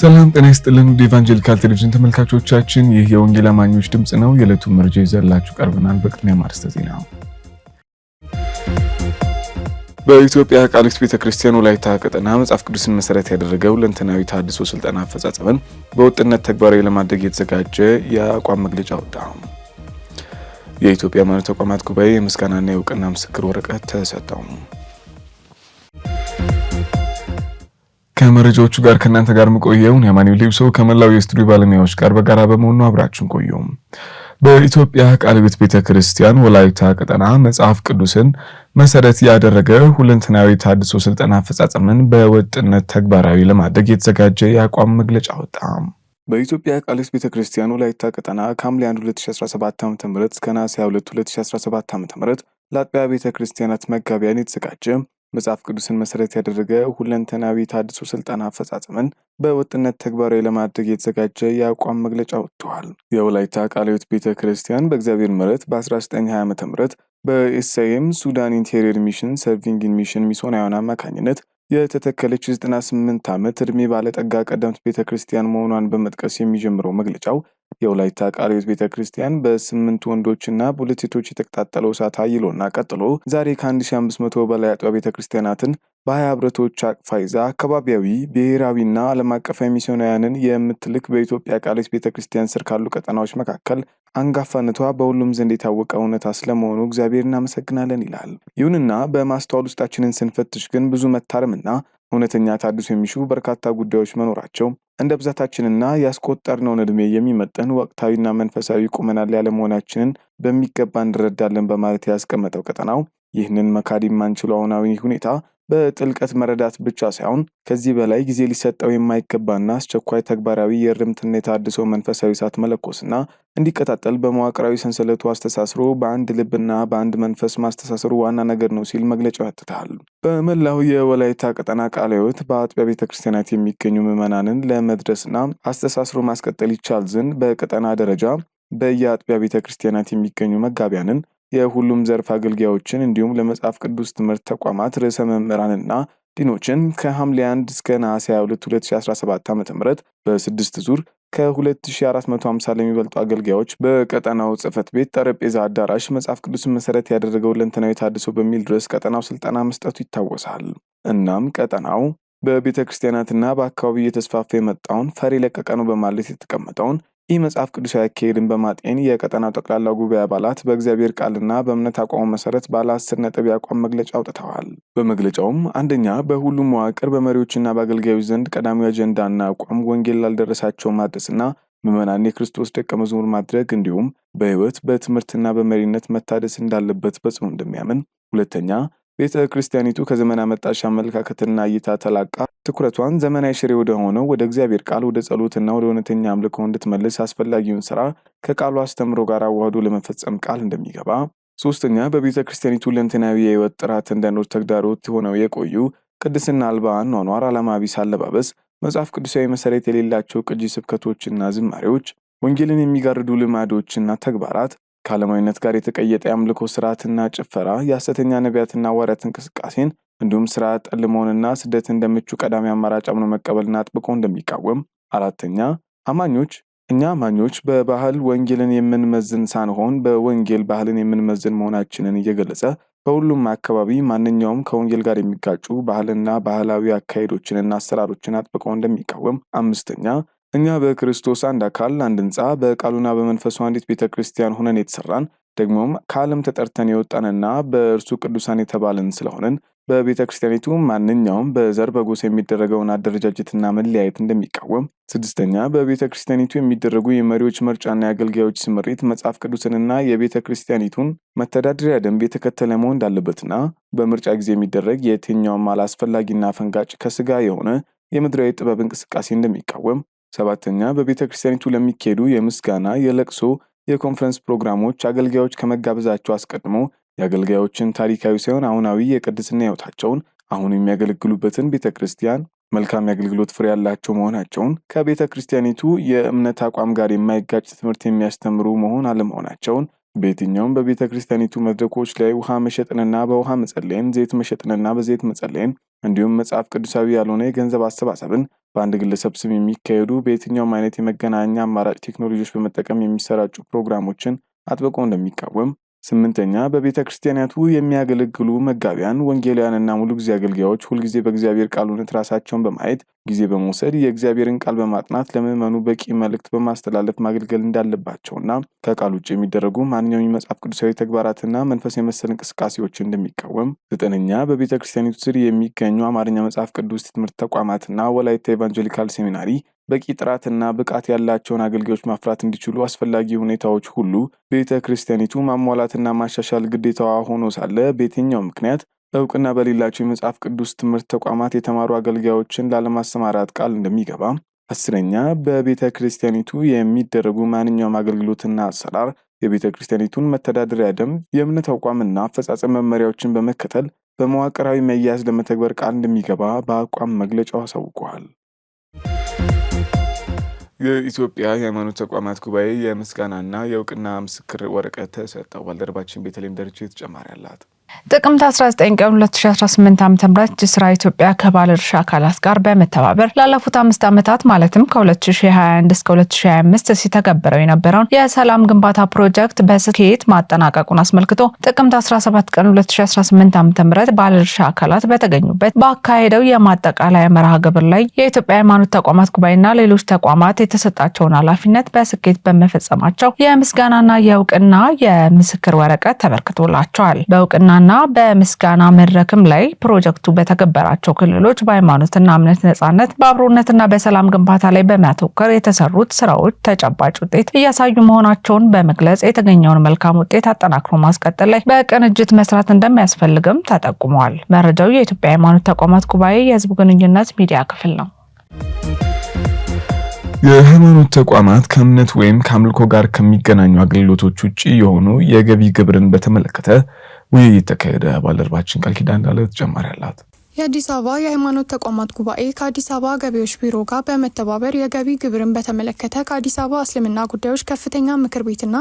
ሰላም ጤና ይስጥልን። ወደ ኢቫንጀሊካል ቴሌቪዥን ተመልካቾቻችን ይህ የወንጌል አማኞች ድምፅ ነው። የዕለቱን መረጃ ይዘላችሁ ቀርበናል። በቅድሚያ ማርስተ ዜና። በኢትዮጵያ ቃሊቲ ቤተ ክርስቲያን ወላይታ ቀጠና መጽሐፍ ቅዱስን መሰረት ያደረገው ሁለንተናዊ ተሐድሶ ስልጠና አፈጻጸምን በወጥነት ተግባራዊ ለማድረግ የተዘጋጀ የአቋም መግለጫ ወጣ። የኢትዮጵያ ሃይማኖት ተቋማት ጉባኤ የምስጋናና የእውቅና ምስክር ወረቀት ተሰጠው። ከመረጃዎቹ ጋር ከእናንተ ጋር የምቆየውን የማኑኤል ሊብሶ ከመላው የስቱዲዮ ባለሙያዎች ጋር በጋራ በመሆኑ አብራችሁን ቆዩ። በኢትዮጵያ ቃለ ሕይወት ቤተ ክርስቲያን ወላይታ ቀጠና መጽሐፍ ቅዱስን መሰረት ያደረገ ሁለንተናዊ ታድሶ ስልጠና አፈጻጸምን በወጥነት ተግባራዊ ለማድረግ የተዘጋጀ የአቋም መግለጫ ወጣ። በኢትዮጵያ ቃለ ሕይወት ቤተ ክርስቲያን ወላይታ ቀጠና ከሐምሌ 1 2017 ዓ ም እስከ ነሐሴ 2 2017 ዓ ም ለአጥቢያ ቤተ ክርስቲያናት መጋቢያን የተዘጋጀ መጽሐፍ ቅዱስን መሰረት ያደረገ ሁለንተናዊ አድሶ ስልጠና አፈጻጸምን በወጥነት ተግባራዊ ለማድረግ የተዘጋጀ የአቋም መግለጫ ወጥተዋል። የወላይታ ቃልዮት ቤተ ክርስቲያን በእግዚአብሔር ምረት በ1920 ዓ ም በኤስአይኤም ሱዳን ኢንቴሪየር ሚሽን ሰርቪንግን ሚሽን ሚስዮናውያን አማካኝነት የተተከለች 98 ዓመት ዕድሜ ባለጠጋ ቀደምት ቤተ ክርስቲያን መሆኗን በመጥቀስ የሚጀምረው መግለጫው የወላይታ ቃለ ሕይወት ቤተ ክርስቲያን በስምንት ወንዶችና በሁለት ሴቶች የተቀጣጠለው እሳት አይሎና ቀጥሎ ዛሬ ከ1500 በላይ አጥቢያ ቤተ ክርስቲያናትን በሀያ ህብረቶች አቅፋ ይዛ አካባቢያዊ ብሔራዊና ዓለም አቀፋዊ ሚስዮናውያንን የምትልክ በኢትዮጵያ ቃለ ሕይወት ቤተ ክርስቲያን ስር ካሉ ቀጠናዎች መካከል አንጋፋነቷ በሁሉም ዘንድ የታወቀ እውነታ ስለመሆኑ እግዚአብሔር እናመሰግናለን ይላል። ይሁንና በማስተዋል ውስጣችንን ስንፈትሽ ግን ብዙ መታረምና እውነተኛ ታድሶ የሚሹ በርካታ ጉዳዮች መኖራቸው እንደ ብዛታችንና ያስቆጠርነውን ዕድሜ የሚመጠን ወቅታዊና መንፈሳዊ ቁመና ላይ ያለመሆናችንን በሚገባ እንረዳለን በማለት ያስቀመጠው ቀጠናው ይህንን መካድ የማንችለው አሁናዊ ሁኔታ በጥልቀት መረዳት ብቻ ሳይሆን ከዚህ በላይ ጊዜ ሊሰጠው የማይገባና አስቸኳይ ተግባራዊ የእርምትና የታድሶ መንፈሳዊ እሳት መለኮስና እንዲቀጣጠል በመዋቅራዊ ሰንሰለቱ አስተሳስሮ በአንድ ልብና በአንድ መንፈስ ማስተሳሰሩ ዋና ነገር ነው ሲል መግለጫው ያትታል። በመላው የወላይታ ቀጠና ቃለ ሕይወት በአጥቢያ ቤተ ክርስቲያናት የሚገኙ ምዕመናንን ለመድረስና አስተሳስሮ ማስቀጠል ይቻል ዘንድ በቀጠና ደረጃ በየአጥቢያ ቤተ ክርስቲያናት የሚገኙ መጋቢያንን የሁሉም ዘርፍ አገልጋዮችን እንዲሁም ለመጽሐፍ ቅዱስ ትምህርት ተቋማት ርዕሰ መምህራንና ዲኖችን ከሐምሌ 1 እስከ ነሐሴ 22 2017 ዓ ም በስድስት ዙር ከ2450 ለሚበልጡ አገልጋዮች በቀጠናው ጽህፈት ቤት ጠረጴዛ አዳራሽ መጽሐፍ ቅዱስን መሰረት ያደረገው ለንተናዊ ታድሶ በሚል ድረስ ቀጠናው ስልጠና መስጠቱ ይታወሳል። እናም ቀጠናው በቤተ ክርስቲያናትና በአካባቢው እየተስፋፋ የመጣውን ፈሪ ለቀቀ ነው በማለት የተቀመጠውን ይህ መጽሐፍ ቅዱሳዊ አካሄድን በማጤን የቀጠናው ጠቅላላ ጉባኤ አባላት በእግዚአብሔር ቃልና በእምነት አቋሙ መሰረት ባለ አስር ነጥብ የአቋም መግለጫ አውጥተዋል። በመግለጫውም አንደኛ፣ በሁሉም መዋቅር በመሪዎችና በአገልጋዮች ዘንድ ቀዳሚው አጀንዳና አቋም ወንጌል ላልደረሳቸው ማደስና ምዕመናን የክርስቶስ ደቀ መዝሙር ማድረግ እንዲሁም በሕይወት በትምህርትና በመሪነት መታደስ እንዳለበት በጽኑ እንደሚያምን ሁለተኛ ቤተ ክርስቲያኒቱ ከዘመን አመጣሽ አመለካከትና እይታ ተላቃ ትኩረቷን ዘመናዊ ሽሬ ወደሆነው ወደ እግዚአብሔር ቃል፣ ወደ ጸሎትና ወደ እውነተኛ አምልኮ እንድትመልስ አስፈላጊውን ስራ ከቃሉ አስተምሮ ጋር አዋህዶ ለመፈጸም ቃል እንደሚገባ፣ ሶስተኛ በቤተ ክርስቲያኒቱ ለንትናዊ የህይወት ጥራት እንደኖች ተግዳሮት ሆነው የቆዩ ቅድስና አልባ አኗኗር፣ ዓላማ ቢስ አለባበስ፣ መጽሐፍ ቅዱሳዊ መሰረት የሌላቸው ቅጂ ስብከቶችና ዝማሬዎች፣ ወንጌልን የሚጋርዱ ልማዶችና ተግባራት ከዓለማዊነት ጋር የተቀየጠ የአምልኮ ስርዓትና ጭፈራ የሐሰተኛ ነቢያትና ወረት እንቅስቃሴን እንዲሁም ስራ ጠል መሆንና ስደት እንደምቹ ቀዳሚ አማራጭ አምኖ መቀበልና አጥብቆ እንደሚቃወም። አራተኛ አማኞች እኛ አማኞች በባህል ወንጌልን የምንመዝን ሳንሆን በወንጌል ባህልን የምንመዝን መሆናችንን እየገለጸ በሁሉም አካባቢ ማንኛውም ከወንጌል ጋር የሚጋጩ ባህልና ባህላዊ አካሄዶችንና አሰራሮችን አጥብቆ እንደሚቃወም። አምስተኛ እኛ በክርስቶስ አንድ አካል አንድ ህንፃ በቃሉና በመንፈሱ አንዲት ቤተ ክርስቲያን ሆነን የተሰራን ደግሞም ከዓለም ተጠርተን የወጣንና በእርሱ ቅዱሳን የተባልን ስለሆንን በቤተ ክርስቲያኒቱ ማንኛውም በዘር በጎስ የሚደረገውን አደረጃጀትና መለያየት እንደሚቃወም፣ ስድስተኛ በቤተ ክርስቲያኒቱ የሚደረጉ የመሪዎች ምርጫና የአገልጋዮች ስምሪት መጽሐፍ ቅዱስንና የቤተ ክርስቲያኒቱን መተዳደሪያ ደንብ የተከተለ መሆን እንዳለበትና በምርጫ ጊዜ የሚደረግ የትኛውም አላስፈላጊና ፈንጋጭ ከስጋ የሆነ የምድራዊ ጥበብ እንቅስቃሴ እንደሚቃወም ሰባተኛ በቤተ ክርስቲያኒቱ ለሚካሄዱ የምስጋና፣ የለቅሶ፣ የኮንፈረንስ ፕሮግራሞች አገልጋዮች ከመጋበዛቸው አስቀድሞ የአገልጋዮችን ታሪካዊ ሳይሆን አሁናዊ የቅድስና ሕይወታቸውን አሁን የሚያገለግሉበትን ቤተ ክርስቲያን መልካም የአገልግሎት ፍሬ ያላቸው መሆናቸውን ከቤተ ክርስቲያኒቱ የእምነት አቋም ጋር የማይጋጭ ትምህርት የሚያስተምሩ መሆን አለመሆናቸውን በየትኛውም በቤተ ክርስቲያኒቱ መድረኮች ላይ ውሃ መሸጥንና በውሃ መጸለይን፣ ዘይት መሸጥንና በዘይት መጸለይን እንዲሁም መጽሐፍ ቅዱሳዊ ያልሆነ የገንዘብ አሰባሰብን በአንድ ግለሰብ ስም የሚካሄዱ በየትኛውም አይነት የመገናኛ አማራጭ ቴክኖሎጂዎች በመጠቀም የሚሰራጩ ፕሮግራሞችን አጥብቆ እንደሚቃወም ስምንተኛ በቤተ ክርስቲያናቱ የሚያገለግሉ መጋቢያን፣ ወንጌላውያንና ሙሉ ጊዜ አገልጋዮች ሁልጊዜ በእግዚአብሔር ቃል እውነት ራሳቸውን በማየት ጊዜ በመውሰድ የእግዚአብሔርን ቃል በማጥናት ለምዕመኑ በቂ መልእክት በማስተላለፍ ማገልገል እንዳለባቸውና ከቃል ውጭ የሚደረጉ ማንኛውም መጽሐፍ ቅዱሳዊ ተግባራትና መንፈስ የመሰል እንቅስቃሴዎች እንደሚቃወም። ዘጠነኛ በቤተ ክርስቲያኒቱ ስር የሚገኙ አማርኛ መጽሐፍ ቅዱስ ትምህርት ተቋማትና ወላይታ ኤቫንጀሊካል ሴሚናሪ በቂ ጥራትና ብቃት ያላቸውን አገልጋዮች ማፍራት እንዲችሉ አስፈላጊ ሁኔታዎች ሁሉ ቤተ ክርስቲያኒቱ ማሟላትና ማሻሻል ግዴታዋ ሆኖ ሳለ በየትኛው ምክንያት እውቅና በሌላቸው የመጽሐፍ ቅዱስ ትምህርት ተቋማት የተማሩ አገልጋዮችን ላለማሰማራት ቃል እንደሚገባ፣ አስረኛ በቤተ ክርስቲያኒቱ የሚደረጉ ማንኛውም አገልግሎትና አሰራር የቤተ ክርስቲያኒቱን መተዳደሪያ ደንብ፣ የእምነት አቋምና አፈጻጸም መመሪያዎችን በመከተል በመዋቅራዊ መያዝ ለመተግበር ቃል እንደሚገባ በአቋም መግለጫው አሳውቀዋል። የኢትዮጵያ የሃይማኖት ተቋማት ጉባኤ የምስጋናና የእውቅና ምስክር ወረቀት ተሰጠው። ባልደረባችን ቤተልሔም ደረጀ ተጨማሪ አላት። ጥቅምት 19 ቀን 2018 ዓ.ም ጅስራ ኢትዮጵያ ከባለ ድርሻ አካላት ጋር በመተባበር ላለፉት አምስት ዓመታት ማለትም ከ2021 እስከ 2025 ሲተገበረው የነበረውን የሰላም ግንባታ ፕሮጀክት በስኬት ማጠናቀቁን አስመልክቶ ጥቅምት 17 ቀን 2018 ዓ.ም ባለ ድርሻ አካላት በተገኙበት በአካሄደው የማጠቃለያ መርሃ ግብር ላይ የኢትዮጵያ ሃይማኖት ተቋማት ጉባኤና ሌሎች ተቋማት የተሰጣቸውን ኃላፊነት በስኬት በመፈጸማቸው የምስጋናና የእውቅና የምስክር ወረቀት ተበርክቶላቸዋል። በእውቅና ምስጋናና በምስጋና መድረክም ላይ ፕሮጀክቱ በተገበራቸው ክልሎች በሃይማኖትና እምነት ነጻነት በአብሮነትና በሰላም ግንባታ ላይ በማተኮር የተሰሩት ስራዎች ተጨባጭ ውጤት እያሳዩ መሆናቸውን በመግለጽ የተገኘውን መልካም ውጤት አጠናክሮ ማስቀጠል ላይ በቅንጅት መስራት እንደሚያስፈልግም ተጠቁመዋል። መረጃው የኢትዮጵያ ሃይማኖት ተቋማት ጉባኤ የህዝብ ግንኙነት ሚዲያ ክፍል ነው። የሃይማኖት ተቋማት ከእምነት ወይም ከአምልኮ ጋር ከሚገናኙ አገልግሎቶች ውጭ የሆኑ የገቢ ግብርን በተመለከተ ውይይት ተካሄደ። ባልደረባችን ቃል ኪዳን እንዳለ ተጨማሪ አላት። የአዲስ አበባ የሃይማኖት ተቋማት ጉባኤ ከአዲስ አበባ ገቢዎች ቢሮ ጋር በመተባበር የገቢ ግብርን በተመለከተ ከአዲስ አበባ እስልምና ጉዳዮች ከፍተኛ ምክር ቤትና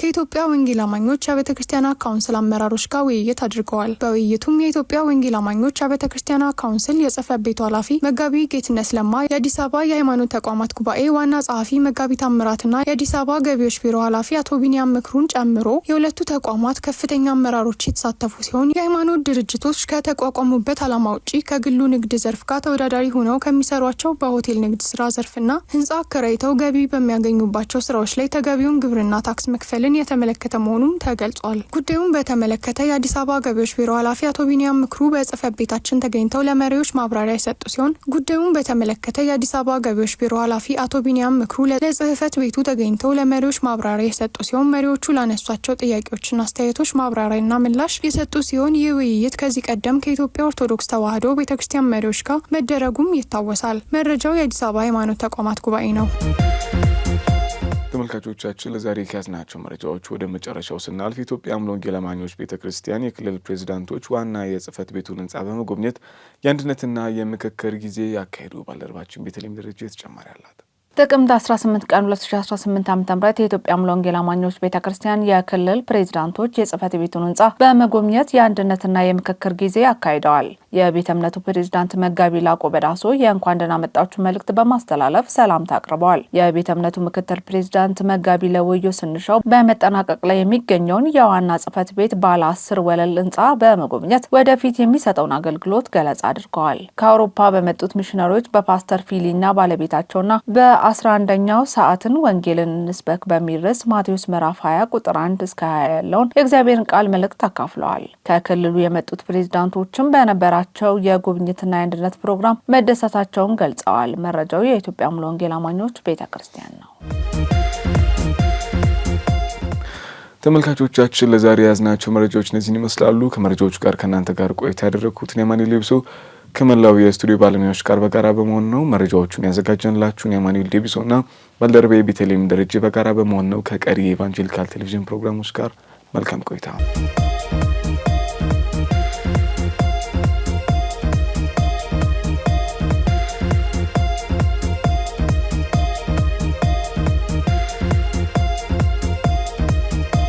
ከኢትዮጵያ ወንጌል አማኞች አብያተ ክርስቲያናት ካውንስል አመራሮች ጋር ውይይት አድርገዋል። በውይይቱም የኢትዮጵያ ወንጌል አማኞች አብያተ ክርስቲያናት ካውንስል የጽህፈት ቤቱ ኃላፊ መጋቢ ጌትነት ለማ፣ የአዲስ አበባ የሃይማኖት ተቋማት ጉባኤ ዋና ጸሐፊ መጋቢ ታምራትና የአዲስ አበባ ገቢዎች ቢሮ ኃላፊ አቶ ቢኒያም ምክሩን ጨምሮ የሁለቱ ተቋማት ከፍተኛ አመራሮች የተሳተፉ ሲሆን የሃይማኖት ድርጅቶች ከተቋቋሙበት አላማ ውጪ ከግሉ ንግድ ዘርፍ ጋር ተወዳዳሪ ሆነው ከሚሰሯቸው በሆቴል ንግድ ስራ ዘርፍና ህንፃ አከራይተው ገቢ በሚያገኙባቸው ስራዎች ላይ ተገቢውን ግብርና ታክስ መክፈልን የተመለከተ መሆኑም ተገልጿል። ጉዳዩን በተመለከተ የአዲስ አበባ ገቢዎች ቢሮ ኃላፊ አቶ ቢኒያም ምክሩ በጽህፈት ቤታችን ተገኝተው ለመሪዎች ማብራሪያ የሰጡ ሲሆን ጉዳዩን በተመለከተ የአዲስ አበባ ገቢዎች ቢሮ ኃላፊ አቶ ቢኒያም ምክሩ ለጽህፈት ቤቱ ተገኝተው ለመሪዎች ማብራሪያ የሰጡ ሲሆን መሪዎቹ ላነሷቸው ጥያቄዎችና አስተያየቶች ማብራሪያና ምላሽ የሰጡ ሲሆን ይህ ውይይት ከዚህ ቀደም ከኢትዮጵያ ኦርቶዶክስ ተዋህዶ ቤተ ክርስቲያን መሪዎች ጋር መደረጉም ይታወሳል። መረጃው የአዲስ አበባ ሃይማኖት ተቋማት ጉባኤ ነው። ተመልካቾቻችን ለዛሬ ከያዝናቸው መረጃዎች ወደ መጨረሻው ስናልፍ ኢትዮጵያ አምደ ወንጌል አማኞች ቤተ ክርስቲያን የክልል ፕሬዚዳንቶች ዋና የጽህፈት ቤቱን ህንጻ በመጎብኘት የአንድነትና የምክክር ጊዜ ያካሄዱ። ባልደረባችን ቤተልሔም ደረጃ የተጨማሪ አላት። ጥቅምት 18 ቀን 2018 ዓ ም የኢትዮጵያ ሙሉ ወንጌል አማኞች ቤተ ክርስቲያን የክልል ፕሬዚዳንቶች የጽህፈት ቤቱን ህንጻ በመጎብኘት የአንድነትና የምክክር ጊዜ አካሂደዋል። የቤተ እምነቱ ፕሬዝዳንት መጋቢ ላቆ በዳሶ የእንኳን ደህና መጣችሁ መልእክት በማስተላለፍ ሰላምታ አቅርበዋል። የቤተ እምነቱ ምክትል ፕሬዝዳንት መጋቢ ለወዮ ስንሻው በመጠናቀቅ ላይ የሚገኘውን የዋና ጽህፈት ቤት ባለ አስር ወለል ህንፃ በመጎብኘት ወደፊት የሚሰጠውን አገልግሎት ገለጻ አድርገዋል። ከአውሮፓ በመጡት ሚሽነሪዎች በፓስተር ፊሊና ባለቤታቸውና በአስራ አንደኛው ሰዓትን ወንጌልን እንስበክ በሚል ርዕስ ማቴዎስ ምዕራፍ 20 ቁጥር 1 እስከ 20 ያለውን የእግዚአብሔርን ቃል መልእክት አካፍለዋል። ከክልሉ የመጡት ፕሬዝዳንቶችም በነበራ በነበራቸው የጉብኝትና የአንድነት ፕሮግራም መደሰታቸውን ገልጸዋል። መረጃው የኢትዮጵያ ሙሉ ወንጌል አማኞች ቤተ ክርስቲያን ነው። ተመልካቾቻችን ለዛሬ የያዝናቸው መረጃዎች እነዚህን ይመስላሉ። ከመረጃዎቹ ጋር ከእናንተ ጋር ቆይታ ያደረግኩት ኒያማኒ ሌብሶ ከመላው የስቱዲዮ ባለሙያዎች ጋር በጋራ በመሆን ነው። መረጃዎቹን ኒያማኒል ዴቢሶ እና ባልደረባዬ ቤተልሔም ደረጀ በጋራ በመሆን ነው። ከቀሪ የኢቫንጀሊካል ቴሌቪዥን ፕሮግራሞች ጋር መልካም ቆይታ